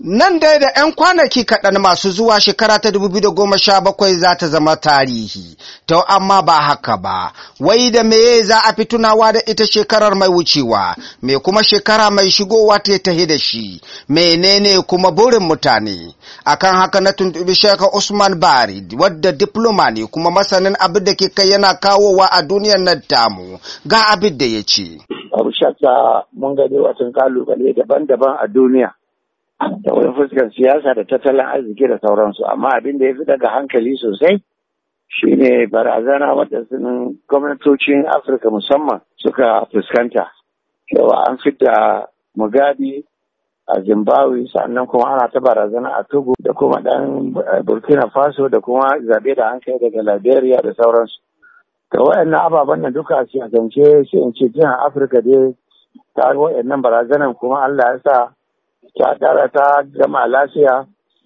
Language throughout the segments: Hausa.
Nan dai da 'yan kwanaki kaɗan masu zuwa shekara ta goma 2017 za ta zama tarihi, to amma ba haka ba, wai da meye za a fi tunawa da ita shekarar mai wucewa, me kuma shekara mai shigowa ta tahi da shi, menene kuma burin mutane. Akan haka na tuntubi shaka Usman Bari, wadda diploma ne kuma masanin abin da ke kai yana kawowa a duniyar nan tamu, ga abin da ya ce. Abu mun gani kalubale daban-daban a duniya. ta wani fuskar siyasa da tattalin arziki da sauransu amma abin da ya fi daga hankali sosai shine barazana wadda sun gwamnatocin afirka musamman suka fuskanta cewa an fita mugabe a zimbabwe sannan kuma ana ta barazana a togo da kuma dan burkina faso da kuma zabe da hankali daga liberia da sauransu ga waɗannan ababen na duka a siyasance sai in ce jihar afirka dai ta waɗannan barazanan kuma allah ya sa ta kara ta gama lafiya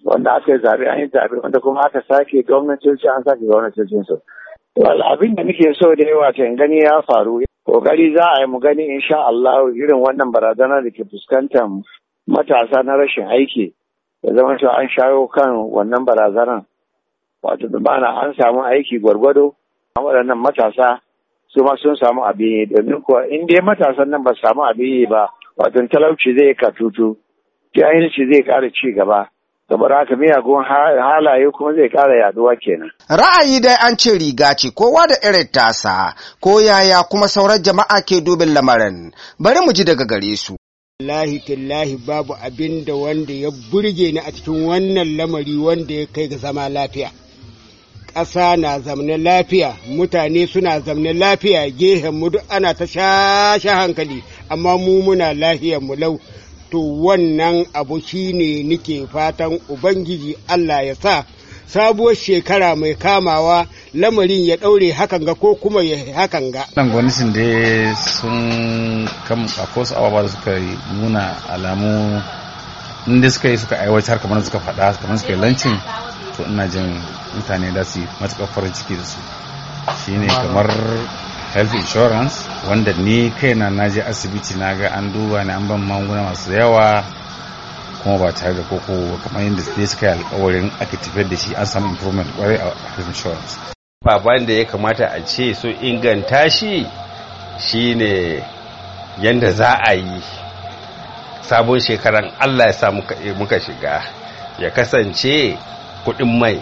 wanda aka yi zaɓe an yi zaɓe wanda kuma aka sake gwamnatin an sake gwamnatin su. abin da muke so da yawa ta gani ya faru kokari za a yi mu gani insha Allah irin wannan barazana da ke fuskantar matasa na rashin aiki da zama cewa an shayo kan wannan barazanar wato da bana an samu aiki gwargwado a waɗannan matasa su ma sun samu abin yi domin kuwa in dai matasan nan ba su samu abin yi ba wato talauci zai katutu jahilci zai ƙara ci gaba saboda haka miyagun halaye kuma zai ƙara yaduwa kenan. Ra'ayi dai an ce riga ce kowa da irin tasa ko yaya kuma sauran jama'a ke dubin lamarin bari mu ji daga gare su. Allahi tallahi babu abin da wanda ya burge ni a cikin wannan lamari wanda ya kai ga zama lafiya. ƙasa na zamne lafiya mutane suna zamne lafiya gehen mu duk ana ta shashe hankali amma mu muna lafiyar mu lau to wannan abu ne nike fatan ubangiji Allah ya sa sabuwar shekara mai kamawa lamarin ya daure hakan ga ko kuma ya hakan ga. Nan gwamnatin da sun kam su ababa da suka nuna alamu inda suka yi suka aiwatar kamar suka faɗa kamar suka yi lancin to ina jin mutane da su yi matuƙar farin ciki da su shine kamar health insurance wanda ni kaina na je asibiti na ga an duba ni an ban magunguna masu yawa kuma ba tare da koko kamar yadda sai suka yi alkawarin aka tafiyar da shi an samu improvement kwarai a health insurance baban da ya kamata a ce su inganta shi shine yadda za a yi sabon shekaran allah ya sa muka shiga ya kasance kuɗin mai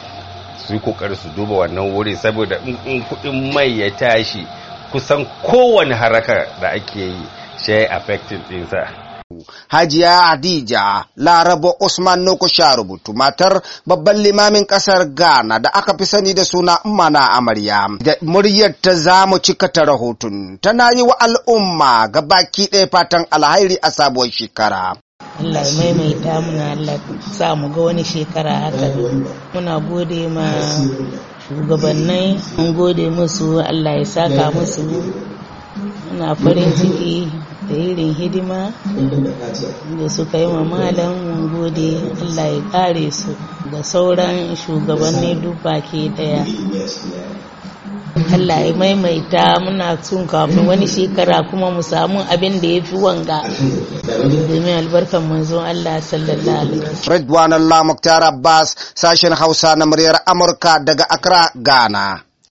su yi kokari su duba wannan wuri saboda in kudin mai ya tashi kusan kowane haraka da ake yi shi affecting dinsa. Hajiya Adija Laraba Usman Nokusha rubutu matar babban limamin kasar Ghana da aka fi sani da suna Mana Amarya. Da muryar ta zamu cika ta rahoton tana yi wa al'umma ga baki ɗaya fatan alhairi a sabuwar shekara. Allah ya maimaita muna Allah sa mu ga wani shekara haka. Muna gode ma shugabannai an gode musu allah ya saka musu muna farin ciki da irin hidima da suka yi wa malam mun gode allah ya kare su da sauran shugabanni duk baki daya Allah ya maimaita muna tun kafin wani shekara kuma mu samu abin da ya fi wanga domin albarkan manzon Allah sallallahu alaihi wasallam Ridwan Allah Muktar Abbas sashen Hausa na muryar Amurka daga Accra Ghana